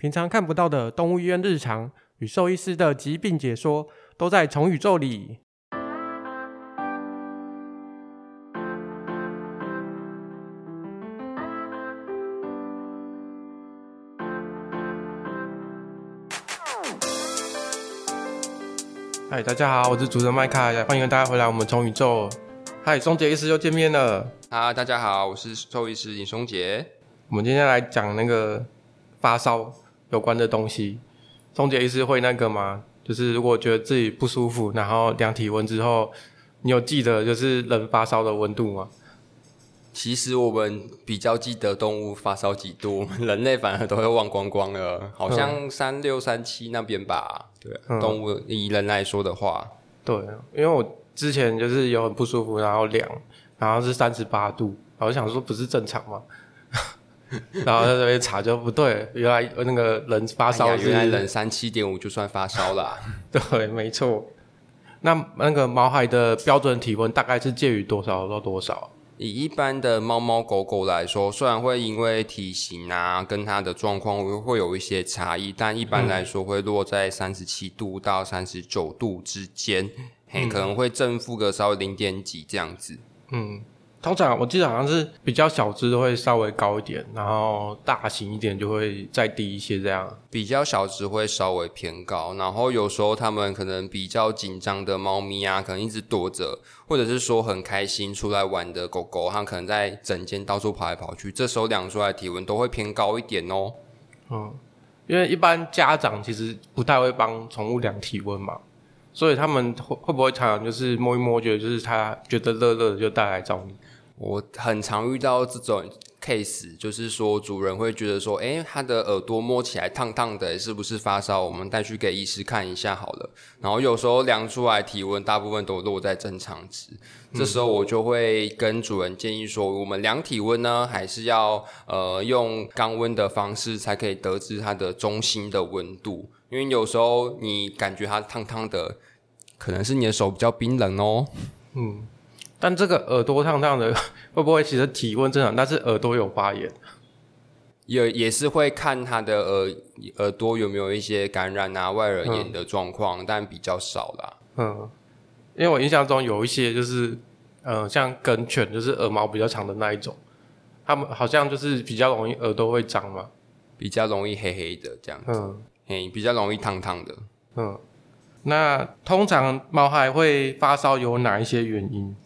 平常看不到的動物醫院日常與獸醫師的疾病解說，都在《寵宇宙》裡。嗨，大家好，我是主持人麥卡，歡迎大家回來。我們《寵宇宙》，嗨，松頡醫師又見面了。啊，大家好，我是獸醫師林松頡。我們今天來講那個發燒。有關的東西，松頡醫師會那個嗎？就是如果覺得自己不舒服，然後量體溫之後，你有記得就是人發燒的溫度嗎？其實我們比較記得動物發燒幾度，人類反而都會忘光光了，好像三六三七那邊吧。嗯、對，動物以人來說的話、嗯，對，因為我之前就是有很不舒服，然後量，然後是三十八度，然後我想說不是正常嗎？ 然後在那邊查就不對，原來那個人發燒，哎，原來人三七點五就算發燒了，啊。 對，沒錯。那那個毛孩的標準體溫大概是介於多少到多少？以一般的貓貓狗狗來說，雖然會因為體型啊跟它的狀況會有一些差異，但一般來說會落在三十七度到三十九度之間，嗯，可能會正負個稍微零點幾這樣子。嗯。通常我記得好像是比較小隻會稍微高一點，然後大型一點就會再低一些這樣。比較小隻會稍微偏高，然後有時候他們可能比較緊張的貓咪啊，可能一直躲着，或者是說很開心出來玩的狗狗，它可能在整間到處跑來跑去，這時候量出來的體溫都會偏高一點哦。嗯，因為一般家長其實不太會幫寵物量體溫嘛。所以他們會會不會常常就是摸一摸，覺得就是他覺得熱熱的就帶來找你？我很常遇到這種 case，就是說主人會覺得說，誒，他的耳朵摸起來燙燙的，是不是發燒？我們帶去給醫師看一下好了。然後有時候量出來體溫，大部分都落在正常值。這時候我就會跟主人建議說，我們量體溫呢，還是要呃用肛溫的方式，才可以得知它的中心的溫度。因為有時候你感覺它燙燙的。可能是你的手比較冰冷哦、喔。嗯，但這個耳朵燙燙的，會不會其實體溫正常，但是耳朵有發炎？也也是會看他的耳耳朵有沒有一些感染啊，外耳炎的狀況，嗯、但比較少啦。嗯，因為我印象中有一些就是，嗯、呃，像梗犬，就是耳毛比較長的那一種，他們好像就是比較容易耳朵會髒嘛，比較容易黑黑的這樣子，嗯、嘿，比較容易燙燙的，嗯。那通常毛孩會發燒有哪一些原因？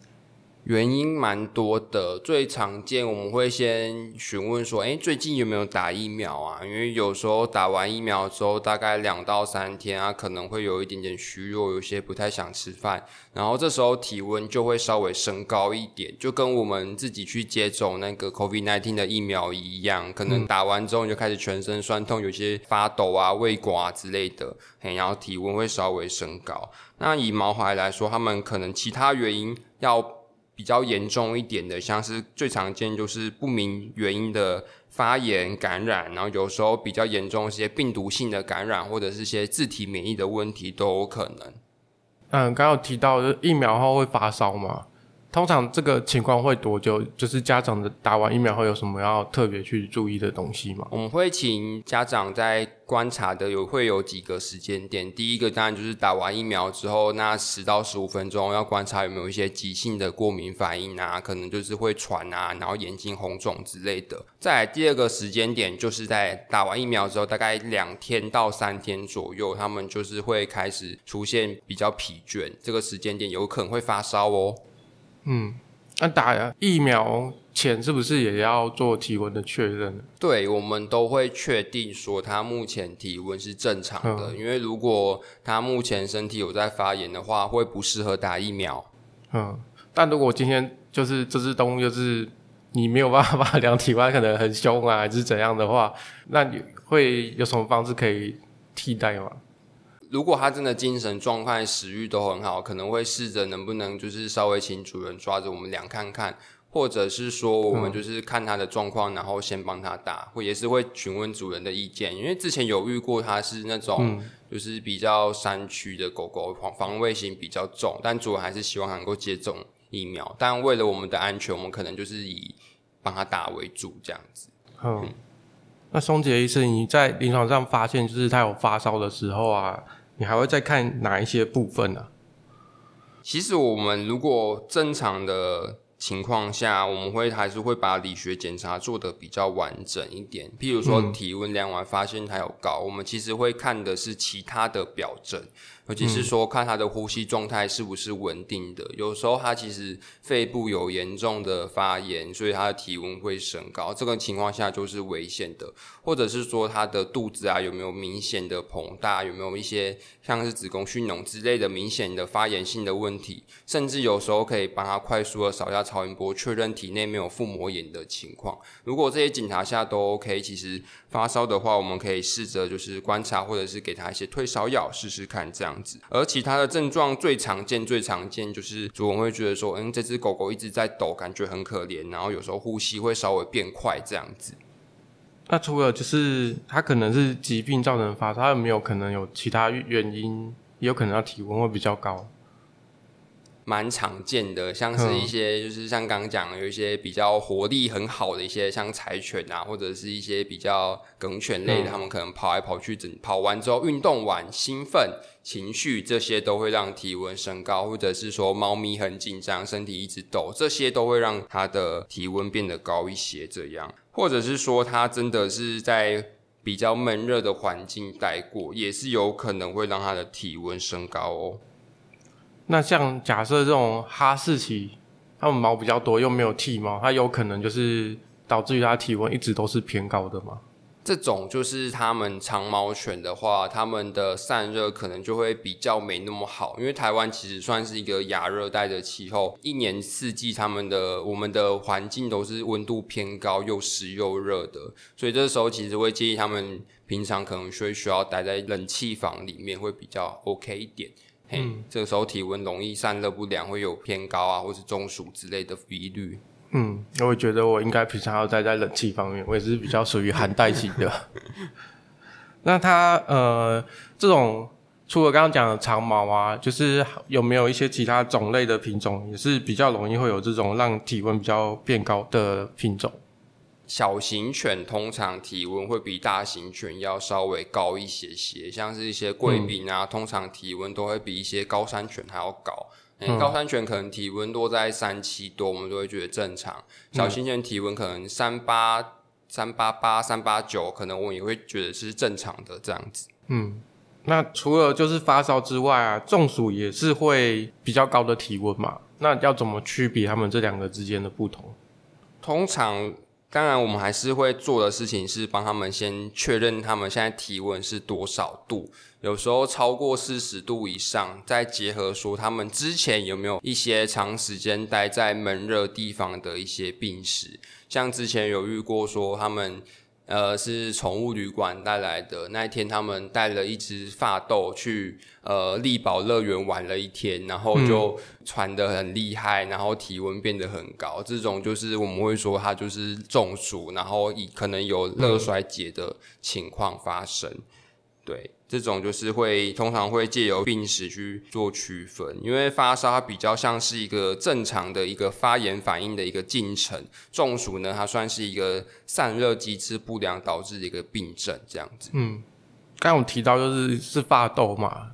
原因蠻多的，最常見我們會先詢問說：“哎、欸，最近有沒有打疫苗啊？”因為有時候打完疫苗之後，大概兩到三天啊，可能會有一點點虛弱，有些不太想吃飯，然後這時候體溫就會稍微升高一點，就跟我們自己去接種那個 COVID-19 的疫苗一樣，可能打完之後你就開始全身痠痛，有些發抖啊、胃啊之類的，嗯、然後體溫會稍微升高。那以毛孩來說，他們可能其他原因要。比較嚴重一點的，像是最常見就是不明原因的發炎感染，然後有時候比較嚴重一些病毒性的感染，或者是一些自體免疫的問題都有可能。嗯，剛剛有提到，就是疫苗後會發燒嗎？通常這個情況會多久？就是家長的打完疫苗後有什麼要特別去注意的東西嗎？我們會請家長在觀察的有會有幾個時間點。第一個當然就是打完疫苗之後，那十到十五分鐘要觀察有沒有一些急性的過敏反應啊，可能就是會喘啊，然後眼睛紅腫之類的。再來第二個時間點就是在打完疫苗之後，大概兩天到三天左右，他們就是會開始出現比較疲倦。這個時間點有可能會發燒哦。嗯，那、啊、打疫苗前是不是也要做體溫的確認？對，我們都會確定說他目前體溫是正常的，嗯、因為如果他目前身體有在發炎的話，會不適合打疫苗。嗯，但如果今天就是這隻動物，就是你沒有辦法把它量體溫，可能很兇啊，還是怎樣的話，那你會有什麼方式可以替代嗎？如果他真的精神狀態、食慾都很好，可能會試着能不能就是稍微請主人抓着我們倆看看，或者是說我們就是看他的狀況，然後先幫他打，嗯、或也是會詢問主人的意見，因為之前有遇過他是那種就是比較山區的狗狗，防防衛性比較重，但主人還是希望能夠接種疫苗，但為了我們的安全，我們可能就是以幫他打為主這樣子。嗯，嗯，那松頡醫生，你在臨床上發現就是他有發燒的時候啊，你還會再看哪一些部分啊？其實我們如果正常的情況下，我們會還是會把理學檢查做得比較完整一點。譬如說體溫量完發現他有高，我們其實會看的是其他的表徵，尤其是說看他的呼吸狀態是不是穩定的。有時候他其實肺部有嚴重的發炎，所以他的體溫會升高。這個情況下就是危險的，或者是說他的肚子啊有沒有明顯的膨大，有沒有一些像是子宮蓄膿之類的明顯的發炎性的問題，甚至有時候可以幫他快速的掃一下。超音波確認體內沒有腹膜炎的情況。如果這些檢查下都 OK，其實發燒的話，我們可以試着就是觀察，或者是給他一些退燒藥試試看這樣子。而其他的症狀最常見、最常見就是主人會覺得說，嗯，這只狗狗一直在抖，感覺很可憐，然後有時候呼吸會稍微變快這樣子。那除了就是它可能是疾病造成發燒，有沒有可能有其他原因？也有可能它體溫會比較高。蠻常見的，像是一些、嗯、就是像剛剛講的，有一些比較活力很好的一些，像柴犬啊，或者是一些比較梗犬類的，嗯、他們可能跑來跑去整，整跑完之後運動完，興奮情緒這些都會讓體溫升高，或者是說貓咪很緊張，身體一直抖，這些都會讓它的體溫變得高一些。這樣，或者是說它真的是在比較悶熱的環境待過，也是有可能會讓它的體溫升高哦。那像假設這種哈士奇，它們毛比較多又沒有剃毛，它有可能就是導致於它體溫一直都是偏高的嘛？這種就是它們長毛犬的話，它們的散熱可能就會比較沒那麼好，因為台灣其實算是一個亞熱帶的氣候，一年四季它們的我們的環境都是溫度偏高又濕又熱的，所以這時候其實會建議它們平常可能所以需要待在冷氣房裡面會比較 OK 一點。Hey, 嗯，這個時候體溫容易散熱不良，會有偏高啊，或是中暑之類的疑慮。嗯，我覺得我應該平常要待在冷氣方面，我也是比較屬於寒帶型的。 那它呃，這種除了剛剛講的長毛啊，就是有沒有一些其他種類的品種，也是比較容易會有這種讓體溫比較變高的品種？小型犬通常體溫會比大型犬要稍微高一些些，像是一些貴賓啊，嗯、通常體溫都會比一些高山犬還要高。嗯、高山犬可能體溫落在三七多，我們都會覺得正常。小型犬體溫可能三八、三八八、三八九，可能我也會覺得是正常的這樣子。嗯，那除了就是發燒之外啊，中暑也是會比較高的體溫嘛？那要怎麼區別他們這兩個之間的不同？通常。當然，我們還是會做的事情是幫他們先確認他們現在體溫是多少度，有時候超過四十度以上，再結合說他們之前有沒有一些長時間待在悶熱地方的一些病史，像之前有遇過說他們。呃，是寵物旅館帶來的那一天，他們帶了一隻法鬥去呃麗寶樂園玩了一天，然後就喘得很厲害，然後體溫變得很高，嗯、這種就是我們會說它就是中暑，然後以可能有熱衰竭的情況發生，對。這種就是會通常會借由病史去做區分，因為發燒它比較像是一個正常的一個發炎反應的一個進程，中暑呢，它算是一個散熱機制不良導致的一個病症，這樣子。嗯，剛才我提到就是是法鬥嘛，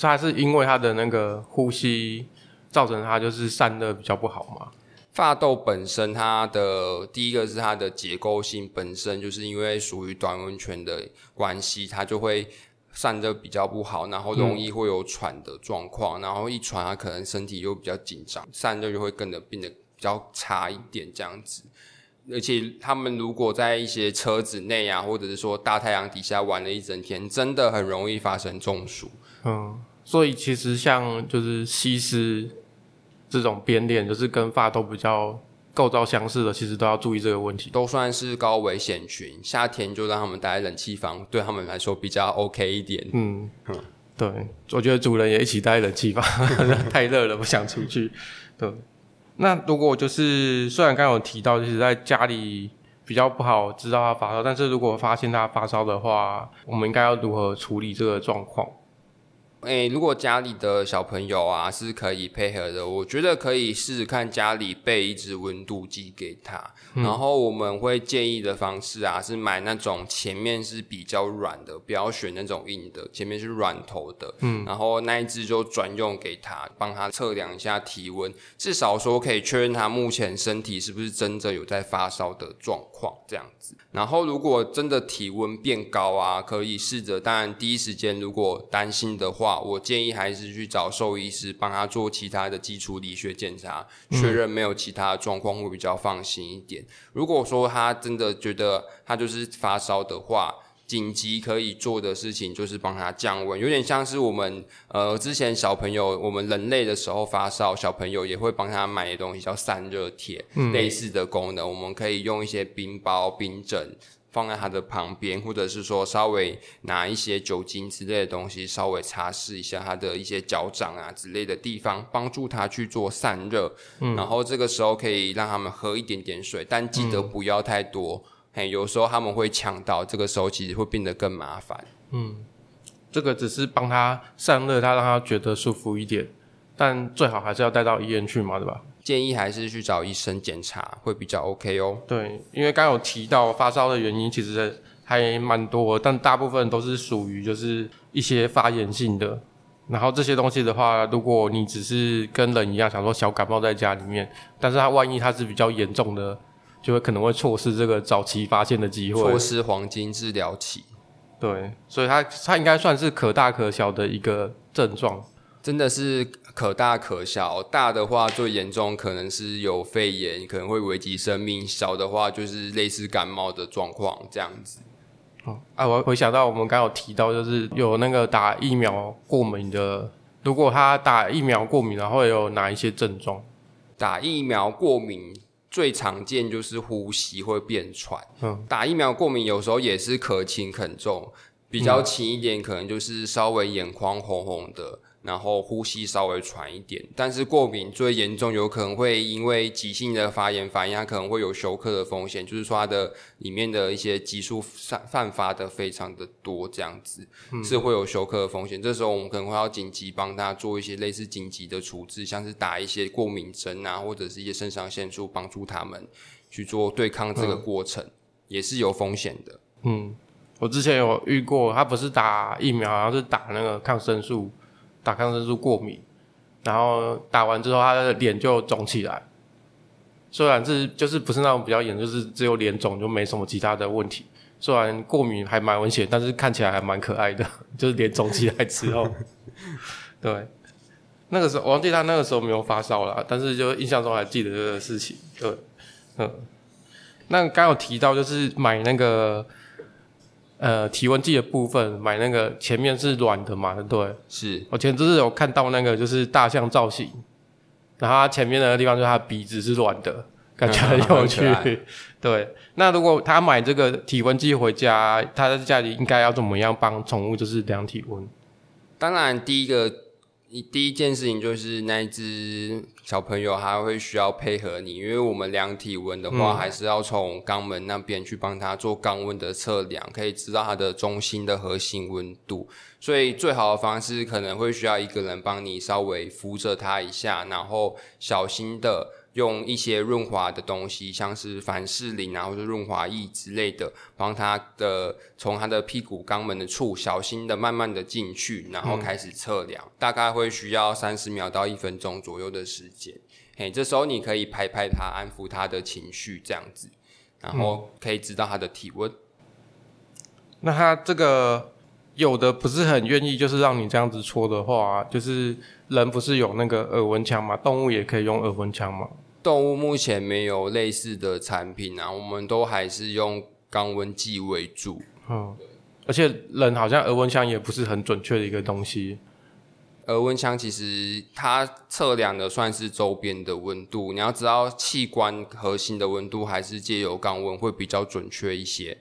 它是因為它的那個呼吸造成它就是散熱比較不好嘛。法鬥本身，它的第一個是它的結構性本身，就是因為屬於短吻犬的關係，它就會散熱比較不好，然後容易會有喘的狀況，嗯、然後一喘啊，可能身體又比較緊張，散熱就會跟着變得比較差一點這樣子。而且他們如果在一些車子內啊，或者是說大太陽底下玩了一整天，真的很容易發生中暑。嗯，所以其實像就是西施。這種扁臉，就是跟法鬥比較構造相似的，其實都要注意這個問題。都算是高危險群，夏天就讓他們待在冷氣房，對他們來說比較 OK 一點。嗯呵對，我覺得主人也一起待冷氣房， 太熱了不想出去。 對，那如果就是雖然剛剛有提到，就是在家裡比較不好知道他發燒，但是如果發現他發燒的話，我們應該要如何處理這個狀況？哎、欸，如果家裡的小朋友啊是可以配合的，我覺得可以試試看家裡備一支溫度計給他。嗯、然後我們會建議的方式啊，是買那種前面是比較軟的，不要選那種硬的，前面是軟頭的。嗯。然後那一只就專用給他，幫他測量一下體溫，至少說可以確認他目前身體是不是真的有在發燒的狀況，這樣子。然後如果真的體溫變高啊，可以試着，當然第一時間如果擔心的話。我建議還是去找獸醫師幫他做其他的基礎理學檢查，嗯、確認沒有其他的狀況會比較放心一點。如果說他真的覺得他就是發燒的話，緊急可以做的事情就是幫他降溫，有點像是我們呃之前小朋友我們人類的時候發燒，小朋友也會幫他買的東西叫散熱貼、嗯、類似的功能，我們可以用一些冰包、冰枕。放在它的旁邊，或者是說稍微拿一些酒精之類的東西，稍微擦拭一下它的一些腳掌啊之類的地方，幫助它去做散熱。嗯，然後這個時候可以讓它們喝一點點水，但記得不要太多。嗯、嘿，有時候他們會嗆到，這個時候其實會變得更麻煩。嗯，這個只是幫它散熱，它讓它覺得舒服一點，但最好還是要帶到醫院去嘛，對吧？建議還是去找醫生檢查會比較 OK 喔。對，因為剛有提到發燒的原因，其實還蠻多，但大部分都是屬於就是一些發炎性的。然後這些東西的話，如果你只是跟人一樣想說小感冒在家裡面，但是它萬一它是比較嚴重的，就會可能會錯失這個早期發現的機會，錯失黃金治療期。對，所以它它應該算是可大可小的一個症狀。真的是可大可小，大的話最嚴重可能是有肺炎，可能會危及生命；小的話就是類似感冒的狀況這樣子。哦，啊，我回想到我們剛剛有提到就是有那個打疫苗過敏的，如果他打疫苗過敏，然後有哪一些症狀？打疫苗過敏最常見就是呼吸會變喘。嗯，打疫苗過敏有時候也是可輕可重，比較輕一點可能就是稍微眼眶紅紅的。然後呼吸稍微喘一點，但是過敏最嚴重，有可能會因為急性的發炎反應，發炎它可能會有休克的風險。就是說它的裡面的一些激素散發的非常的多，這樣子、嗯、是會有休克的風險。這時候我們可能會要緊急幫他做一些類似緊急的處置，像是打一些過敏針啊，或者是一些腎上腺素，幫助他們去做對抗這個過程，嗯、也是有風險的。嗯，我之前有遇過，他不是打疫苗，而是打那個抗生素。打抗生素過敏，然後打完之後他的臉就腫起來。雖然是就是不是那種比較嚴重，就是只有臉腫就沒什麼其他的問題。雖然過敏還蠻危險，但是看起來還蠻可愛的，就是臉腫起來之後。 對，那個時候我忘記他那個時候沒有發燒啦，但是就印象中還記得這個事情。對，嗯，那剛有提到就是買那個。呃，體溫計的部分，買那個前面是軟的嘛，對，是。我前面就是有看到那個就是大象造型，然後它前面那個地方就是它鼻子是軟的，感覺很有趣。嗯、 對，那如果他買這個體溫計回家，他在家裡應該要怎麼樣幫寵物就是量體溫？當然，第一個。你第一件事情就是那一隻小朋友他會需要配合你，因為我們量體溫的話，還是要從肛門那邊去幫他做肛溫的測量，可以知道他的中心的核心溫度。所以最好的方式可能會需要一個人幫你稍微扶着他一下，然後小心的。用一些潤滑的東西，像是凡士林啊，或者潤滑液之類的，幫他的從他的屁股肛門的處小心的、慢慢的進去，然後開始測量，嗯、大概會需要三十秒到一分鐘左右的時間。嘿，這時候你可以拍拍他，安撫他的情緒，這樣子，然後可以知道他的體溫、嗯。那他這個。有的不是很願意，就是讓你這樣子戳的話，就是人不是有那個耳溫槍嗎？動物也可以用耳溫槍嗎？動物目前沒有類似的產品啊，我們都還是用肛溫計為主。嗯，對而且人好像耳溫槍也不是很準確的一個東西。耳溫槍其實它測量的算是周邊的溫度，你要知道器官核心的溫度還是借由肛溫會比較準確一些。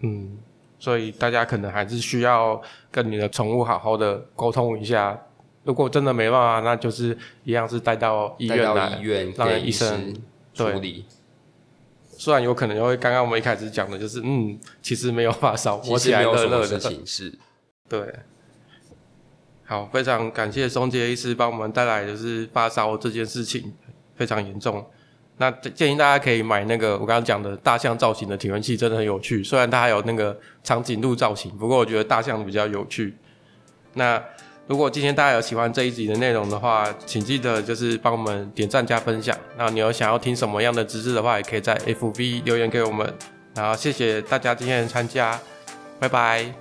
嗯。所以大家可能還是需要跟你的寵物好好的溝通一下。如果真的沒辦法，那就是一樣是帶到醫院來，讓醫，醫生，醫生醫處理對。雖然有可能會，剛剛我們一開始講的就是，嗯，其實沒有發燒，或者熱熱的形、那、式、個。情對，好，非常感謝松頡醫師幫我們帶來，的是發燒這件事情非常嚴重。那建議大家可以買那個我剛剛講的大象造型的體溫計，真的很有趣。雖然它還有那個長頸鹿造型，不過我覺得大象比較有趣。那如果今天大家有喜歡這一集的內容的話，請記得就是幫我們點讚加分享。那你有想要聽什麼樣的知識的話，也可以在 FB 留言給我們。然後謝謝大家今天的參加，拜拜。